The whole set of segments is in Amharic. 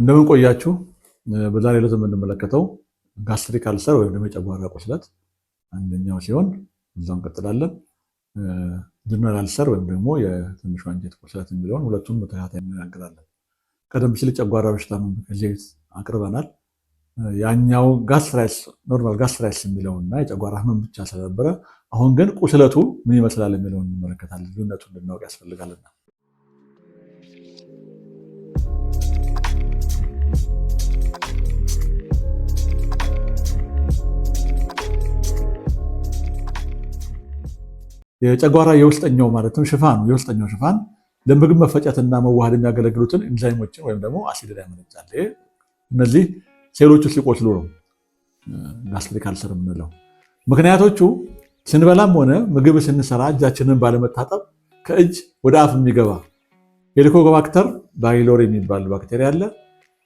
እንደምን ቆያችሁ። በዛሬው ዕለት የምንመለከተው ጋስትሪክ አልሰር ወይም ደግሞ የጨጓራ ቁስለት አንደኛው ሲሆን እዛው እንቀጥላለን። ጀነራል አልሰር ወይም ደግሞ የትንሿ አንጀት ቁስለት የሚለውን ሁለቱን በተከታታይ እንነጋገራለን። ቀደም ሲል ጨጓራ በሽታ ከዚህ አቅርበናል። ያኛው ጋስትራይስ ኖርማል ጋስትራይትስ የሚለውና የጨጓራ ህመም ብቻ ስለነበረ አሁን ግን ቁስለቱ ምን ይመስላል የሚለውን እንመለከታለን። ልዩነቱ እንድናውቅ ያስፈልጋልና የጨጓራ የውስጠኛው ማለትም ሽፋን የውስጠኛው ሽፋን ለምግብ መፈጨትና መዋሃድ የሚያገለግሉትን ኢንዛይሞችን ወይም ደግሞ አሲድን ያመነጫል። እነዚህ ሴሎቹ ሲቆስሉ ነው ጋስትሪክ አልሰር የምንለው። ምክንያቶቹ ስንበላም ሆነ ምግብ ስንሰራ እጃችንን ባለመታጠብ ከእጅ ወደ አፍ የሚገባ ሄሊኮባክተር ባይሎር የሚባል ባክቴሪያ አለ።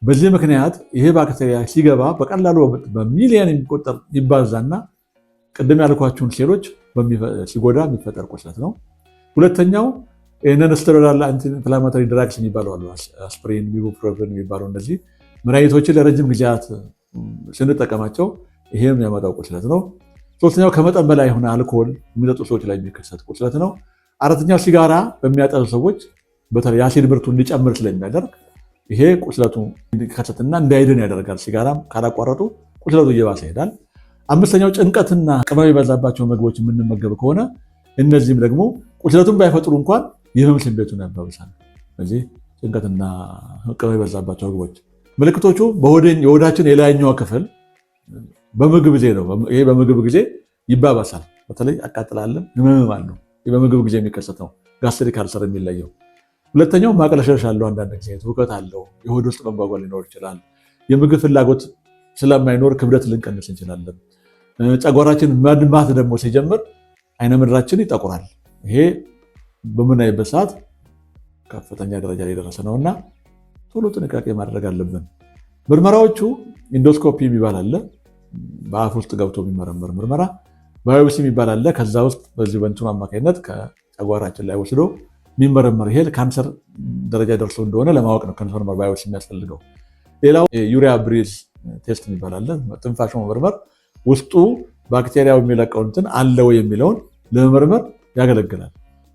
በዚህ ምክንያት ይሄ ባክቴሪያ ሲገባ በቀላሉ በሚሊየን የሚቆጠር ይባዛና ቅድም ያልኳችሁን ሴሎች ሲጎዳ የሚፈጠር ቁስለት ነው። ሁለተኛው ነን ስተሮዳል ድራግስ የሚባሉ አሉ። አስፕሪን፣ ኢቡፕሮፌን የሚባሉ እነዚህ መድኃኒቶችን ለረጅም ጊዜያት ስንጠቀማቸው ይሄም ያመጣው ቁስለት ነው። ሶስተኛው ከመጠን በላይ የሆነ አልኮል የሚጠጡ ሰዎች ላይ የሚከሰት ቁስለት ነው። አራተኛው ሲጋራ በሚያጠሉ ሰዎች በተለይ የአሲድ ምርቱ እንዲጨምር ስለሚያደርግ ይሄ ቁስለቱ እንዲከሰትና እንዳይድን ያደርጋል። ሲጋራም ካላቋረጡ ቁስለቱ እየባሰ ይሄዳል። አምስተኛው ጭንቀትና ቅመም የበዛባቸው ምግቦች የምንመገብ ከሆነ እነዚህም ደግሞ ቁስለቱን ባይፈጥሩ እንኳን የህመም ስሜቱን ያባብሳል። ስለዚህ ጭንቀትና ቅመም የበዛባቸው ምግቦች ምልክቶቹ የሆዳችን የላይኛው ክፍል በምግብ ጊዜ ነው። ይሄ በምግብ ጊዜ ይባባሳል። በተለይ አቃጥላለን፣ ህመምም አለው። በምግብ ጊዜ የሚከሰት ነው ጋስትሪክ አልሰር የሚለየው። ሁለተኛው ማቅለሸሽ አለው። አንዳንድ ጊዜ ትውከት አለው። የሆድ ውስጥ መጓጓል ሊኖር ይችላል። የምግብ ፍላጎት ስለማይኖር ክብደት ልንቀንስ እንችላለን። ጨጓራችን መድማት ደግሞ ሲጀምር አይነ ምድራችን ይጠቁራል። ይሄ በምናይበት ሰዓት ከፍተኛ ደረጃ ላይ የደረሰ ነው እና ቶሎ ጥንቃቄ ማድረግ አለብን። ምርመራዎቹ ኢንዶስኮፒ የሚባል አለ፣ በአፍ ውስጥ ገብቶ የሚመረምር ምርመራ። ባዮፕሲ የሚባል አለ፣ ከዛ ውስጥ በዚህ በእንትኑ አማካኝነት ከጨጓራችን ላይ ወስዶ የሚመረመር ይሄ ካንሰር ደረጃ ደርሶ እንደሆነ ለማወቅ ነው። ከንፈር ባዮፕሲ የሚያስፈልገው ሌላው ዩሪያ ብሪዝ ቴስት የሚባል አለ። ትንፋሽ መመርመር ውስጡ ባክቴሪያው የሚለቀውንትን አለው አለ የሚለውን ለመመርመር ያገለግላል።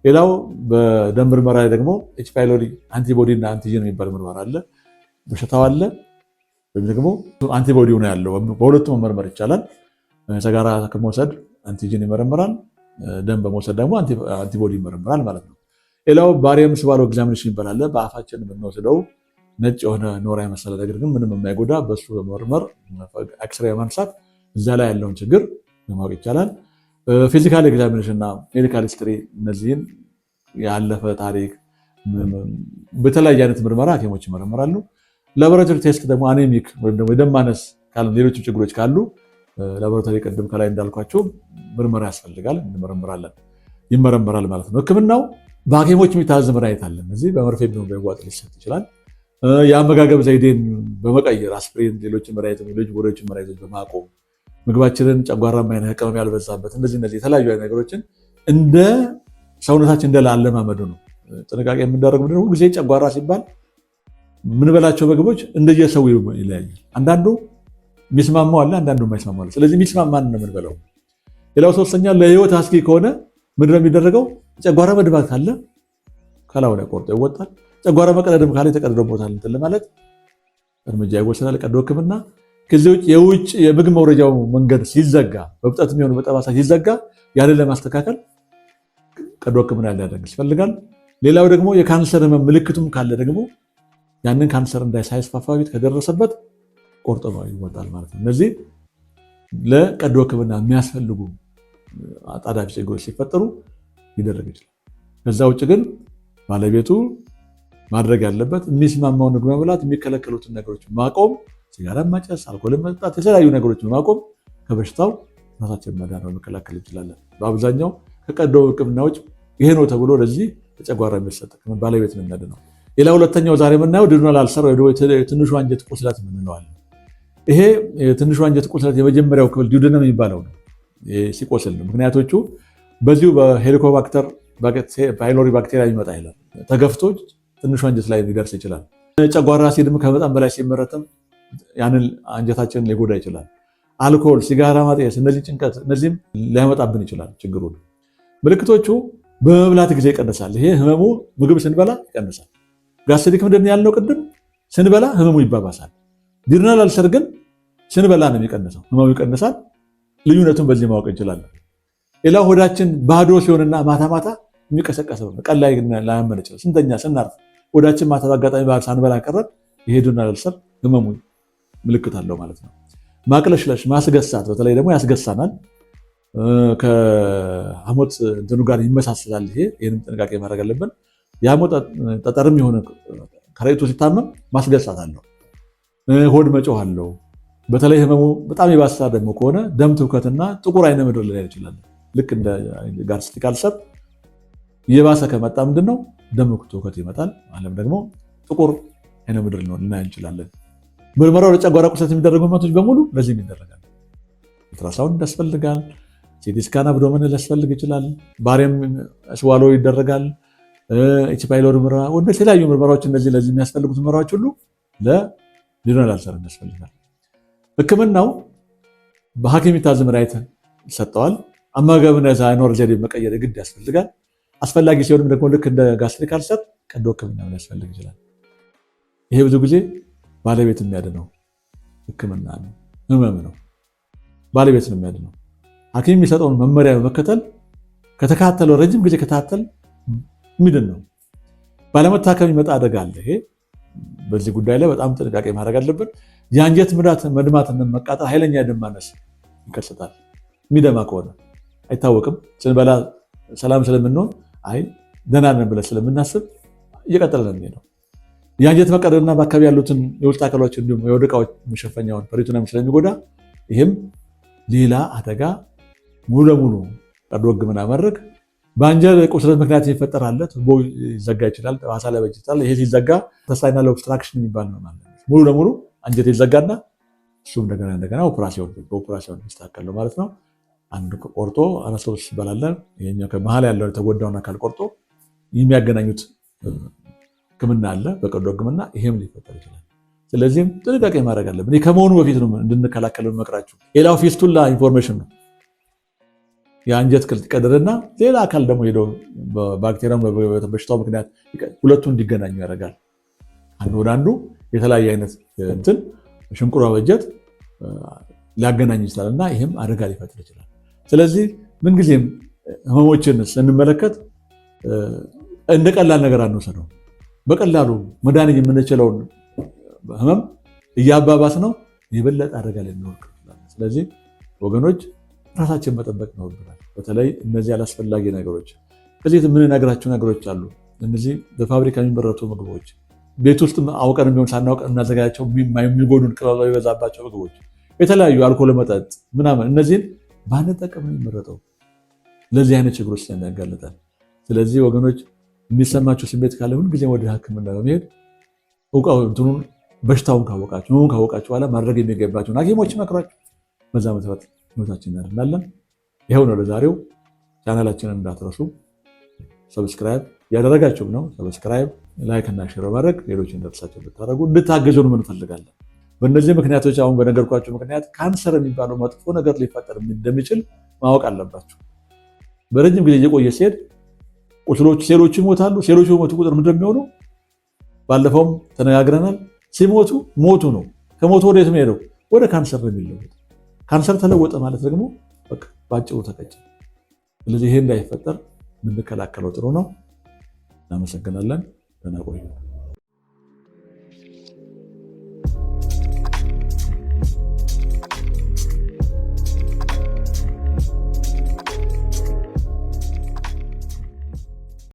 ሌላው በደም ምርመራ ላይ ደግሞ ኤች ፓይሎሪ አንቲቦዲ እና አንቲጂን የሚባል ምርመራ አለ። በሽታው አለ ወይም ደግሞ አንቲቦዲ ነው ያለው። በሁለቱ መመርመር ይቻላል። ሰጋራ ከመውሰድ አንቲጂን ይመረምራል። ደም በመውሰድ ደግሞ አንቲቦዲ ይመረምራል ማለት ነው። ሌላው ባሪየም ስባሎ ኤግዛሚኔሽን ይባላል። በአፋችን የምንወስደው ነጭ የሆነ ኖራ የመሰለ ነገር ግን ምንም የማይጎዳ በሱ በመርመር ኤክስሬ በማንሳት እዛ ላይ ያለውን ችግር ለማወቅ ይቻላል። ፊዚካል ኤግዛሚኔሽን እና ሜዲካል ሂስትሪ እነዚህን ያለፈ ታሪክ በተለያየ አይነት ምርመራ ሐኪሞች ይመረምራሉ። ላቦራቶሪ ቴስት ደግሞ አኔሚክ ወይም ደግሞ የደም ማነስ ሌሎችም ችግሮች ካሉ ላቦራቶሪ ቅድም ከላይ እንዳልኳቸው ምርመራ ያስፈልጋል፣ እንመረምራለን፣ ይመረምራል ማለት ነው። ህክምናው በሐኪሞች የሚታዝ መድኃኒት አለ። እዚህ በመርፌ ቢሆን በዋጥ ሊሰጥ ይችላል። የአመጋገብ ዘይዴን በመቀየር አስፕሪን፣ ሌሎች መድኃኒቶች፣ ሌሎች ጎዳዎችን መድኃኒቶች በማቆም ምግባችንን ጨጓራ ማይነ ቅመም ያልበዛበት እንደዚህ እነዚህ የተለያዩ አይነት ነገሮችን እንደ ሰውነታችን እንደላለማመዱ ነው ጥንቃቄ የምንደረግ ምድ ሁልጊዜ ጨጓራ ሲባል ምንበላቸው ምግቦች እንደየሰው ይለያያል። አንዳንዱ የሚስማማው አለ፣ አንዳንዱ የማይስማማው አለ። ስለዚህ የሚስማማን ነው የምንበለው። ሌላው ሶስተኛ ለህይወት አስጊ ከሆነ ምንድነው የሚደረገው? ጨጓራ መድባት አለ፣ ከላዩ ላይ ቆርጦ ይወጣል። ጨጓራ መቀደድም ካለ የተቀደደው ቦታ እንትን ለማለት እርምጃ ይወሰዳል። ቀዶ ሕክምና ከዚህ ውጭ የውጭ የምግብ መውረጃው መንገድ ሲዘጋ በብጠት የሚሆኑ በጠባሳ ሲዘጋ ያንን ለማስተካከል ቀዶ ሕክምና ሊያደርግ ይፈልጋል። ሌላው ደግሞ የካንሰር ምልክቱም ካለ ደግሞ ያንን ካንሰር እንዳይሳይስፋፋ ቤት ከደረሰበት ቆርጦ ይወጣል ማለት ነው። እነዚህ ለቀዶ ሕክምና የሚያስፈልጉ አጣዳፊ ችግሮች ሲፈጠሩ ሊደረግ ይችላል። ከዛ ውጭ ግን ባለቤቱ ማድረግ ያለበት የሚስማማውን ምግብ መብላት፣ የሚከለከሉትን ነገሮች ማቆም፣ ሲጋራ ማጨስ፣ አልኮል መጠጣት፣ የተለያዩ ነገሮች ማቆም ከበሽታው ራሳችን መዳን ነው መከላከል እንችላለን። በአብዛኛው ከቀዶ ሕክምና ይሄ ነው ተብሎ ለዚህ ተጨጓራ የሚሰጥ ባለቤት ምንድ ነው። ሌላ ሁለተኛው ዛሬ የምናየው ድኖ ላልሰራ ትንሹ አንጀት ቁስለት የምንለዋለን። ይሄ ትንሹ አንጀት ቁስለት የመጀመሪያው ክፍል ዲዩድነም የሚባለው ነው ሲቆስል ነው። ምክንያቶቹ በዚሁ በሄሊኮባክተር ፓይሎሪ ባክቴሪያ የሚመጣ ይላል ተገፍቶች ትንሹ አንጀት ላይ ሊደርስ ይችላል። ጨጓራ ሲድም ከመጠን በላይ ሲመረትም ያንን አንጀታችንን ሊጎዳ ይችላል። አልኮል፣ ሲጋራ ማጤስ፣ እነዚህ ጭንቀት፣ እነዚህም ሊያመጣብን ይችላል ችግሩን። ምልክቶቹ በመብላት ጊዜ ይቀንሳል። ይሄ ህመሙ ምግብ ስንበላ ይቀንሳል። ጋስትሪክ ምንድን ያልነው ቅድም ስንበላ ህመሙ ይባባሳል። ዲድናል አልሰር ግን ስንበላ ነው የሚቀንሰው፣ ህመሙ ይቀንሳል። ልዩነቱን በዚህ ማወቅ እንችላለን። ሌላው ሆዳችን ባዶ ሲሆንና ማታ ማታ የሚቀሰቀሰው ቀን ላይ ላያመን ይችላል። ስንተኛ ስናርፍ ወዳችን ማታት አጋጣሚ ባህል ሳንበላ ቀረን። የሄዱና ልሰር ህመሙ ምልክት አለው ማለት ነው። ማቅለሽለሽ፣ ማስገሳት በተለይ ደግሞ ያስገሳናል። ከሐሞት እንትኑ ጋር ይመሳሰላል። ይሄ ይህንም ጥንቃቄ ማድረግ አለብን። የሐሞት ጠጠርም የሆነ ከረጢቱ ሲታመም ማስገሳት አለው። ሆድ መጮህ አለው። በተለይ ህመሙ በጣም የባሰ ደግሞ ከሆነ ደም ትውከትና ጥቁር አይነ ምድር ላይ ይችላል። ልክ እንደ ጋር ስቲካል የባሰ ከመጣ ምንድን ነው ደም ትውከት ይመጣል። አለም ደግሞ ጥቁር አይነ ምድር ነው እና እንችላለን። ምርመራው ለጨጓራ ቁስለት የሚደረጉ ህመቶች በሙሉ ለዚህም ይደረጋል። አልትራሳውንድ ያስፈልጋል። ሲቲስካን አብዶመን ሊያስፈልግ ይችላል። ባሪም ስዋሎ ይደረጋል። ኤችፓይሎሪ ምርመራ ወደ የተለያዩ ምርመራዎች እነዚህ ለዚህ የሚያስፈልጉት ምርመራዎች ሁሉ ለሊዶናል አልሰር ያስፈልጋል። ህክምናው በሐኪም የታዘዘ መድኃኒት ይሰጠዋል። አመጋገብና የኑሮ ዘይቤ መቀየር ግድ ያስፈልጋል። አስፈላጊ ሲሆንም ደግሞ ልክ እንደ ጋስትሪክ አልሰር ቀዶ ህክምና ሊያስፈልግ ይችላል። ይሄ ብዙ ጊዜ ባለቤት የሚያድነው ህክምና ነው፣ ህመም ነው። ባለቤት ነው የሚያድነው። ሐኪም የሚሰጠውን መመሪያ በመከተል ከተካተለው ረጅም ጊዜ ከታተል የሚድን ነው። ባለመታከም ይመጣ አደጋ አለ። ይሄ በዚህ ጉዳይ ላይ በጣም ጥንቃቄ ማድረግ አለብን። የአንጀት ምዳት መድማት መቃጠል፣ ኃይለኛ የደም ማነስ ይከሰታል። የሚደማ ከሆነ አይታወቅም ስንበላ ሰላም ስለምንሆን አይ ደህና ነን ብለን ስለምናስብ እየቀጠለ ነው የሚሄደው። የአንጀት መቃጠልና በአካባቢ ያሉትን የውስጥ አካሎች እንዲሁም የወደ ዕቃዎች መሸፈኛውን ፐሪቶኒየም ስለሚጎዳ ይህም ሌላ አደጋ ሙሉ ለሙሉ ቀዶ ሕክምና ማድረግ በአንጀት ቁስለት ምክንያት የሚፈጠር አለ። ቱቦ ይዘጋ ይችላል፣ ጠባሳ ሊበጅ ይችላል። ይሄ ሲዘጋ ተሳይናል ኦብስትራክሽን የሚባል ነው ማለት ነው። ሙሉ ለሙሉ አንጀት ይዘጋና እሱም እንደገና እንደገና ኦፕራሲዮን በኦፕራሲዮን ይስተካከል ነው ማለት ነው። አንዱ ቆርጦ አናት ለብሶች ይባላል። ይሄኛው ከመሀል ያለው የተጎዳውን አካል ቆርጦ የሚያገናኙት ሕክምና አለ፣ በቀዶ ሕክምና ይሄም ሊፈጠር ይችላል። ስለዚህም ጥንቃቄ ማድረግ አለብን። ከመሆኑ በፊት ነው እንድንከላከል መቅራችሁ። ሌላው ፊስቱላ ኢንፎርሜሽን ነው። የአንጀት ክል ይቀደድና ሌላ አካል ደግሞ ሄዶ ባክቴሪያም በበሽታው ምክንያት ሁለቱ እንዲገናኙ ያደርጋል። አንዱ ወደ አንዱ የተለያየ አይነት እንትን ሽንቁሯ በጀት ሊያገናኝ ይችላል እና ይህም አደጋ ሊፈጥር ይችላል። ስለዚህ ምንጊዜም ህመሞችን ስንመለከት እንደ ቀላል ነገር አንወሰደው። በቀላሉ መዳን የምንችለውን ህመም እያባባስ ነው የበለጠ አደጋ ላይ ስለዚህ ወገኖች ራሳችን መጠበቅ ይኖርብናል። በተለይ እነዚህ አላስፈላጊ ነገሮች ከዚህ የምንነግራቸው ነገሮች አሉ። እነዚህ በፋብሪካ የሚመረቱ ምግቦች፣ ቤት ውስጥ አውቀን ቢሆን ሳናውቀን እናዘጋጃቸው የሚጎዱን ቅጠሉ የበዛባቸው ምግቦች፣ የተለያዩ አልኮል መጠጥ ምናምን እነዚህን ባንጠቀም ነው የሚመረጠው። ለዚህ አይነት ችግሮች ስለሚያጋልጣል። ስለዚህ ወገኖች የሚሰማቸው ስሜት ካለ ጊዜ ወደ ሕክምና በመሄድ እውቃቱን በሽታውን ካወቃችሁ ምን ካወቃችሁ በኋላ ማድረግ የሚገባቸውን ሐኪሞች ይመክሯችሁ። በዛ መሰረት ህይወታችን እናድናለን። ይኸው ነው ለዛሬው። ቻናላችንን እንዳትረሱ ሰብስክራይብ ያደረጋችሁም ነው ሰብስክራይብ፣ ላይክ እና ሼር በማድረግ ሌሎች እንደርሳቸው ልታደረጉ እንድታገዙን እንፈልጋለን። በእነዚህ ምክንያቶች አሁን በነገርኳቸው ምክንያት ካንሰር የሚባለው መጥፎ ነገር ሊፈጠር እንደሚችል ማወቅ አለባቸው። በረጅም ጊዜ እየቆየ ሲሄድ ቁስሎች ሴሎቹ ይሞታሉ። ሴሎቹ በሞቱ ቁጥር ምንድን የሚሆኑ ባለፈውም ተነጋግረናል። ሲሞቱ ሞቱ ነው። ከሞቱ ወደ የት ሄደው? ወደ ካንሰር ነው የሚለወጥ። ካንሰር ተለወጠ ማለት ደግሞ በአጭሩ ተቀጭ። ስለዚህ ይሄ እንዳይፈጠር የምንከላከለው ጥሩ ነው። እናመሰግናለን። ደህና ቆዩ።